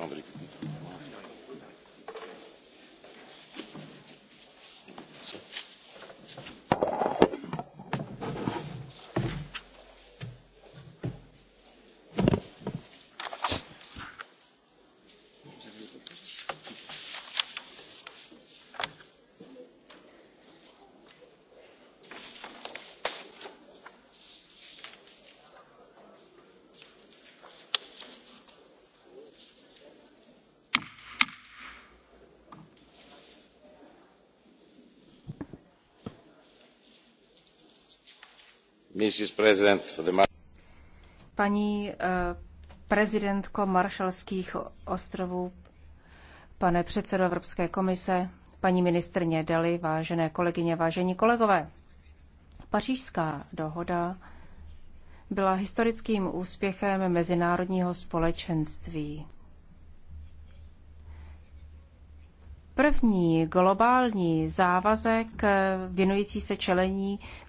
Andrej. Paní eh, prezidentko Maršalských ostrovů, pane předsedo Evropské komise, paní ministrně Dali, vážené kolegyně, vážení kolegové. Pařížská dohoda byla historickým úspěchem mezinárodního společenství. První globální závazek eh, věnující se čelení klimatickým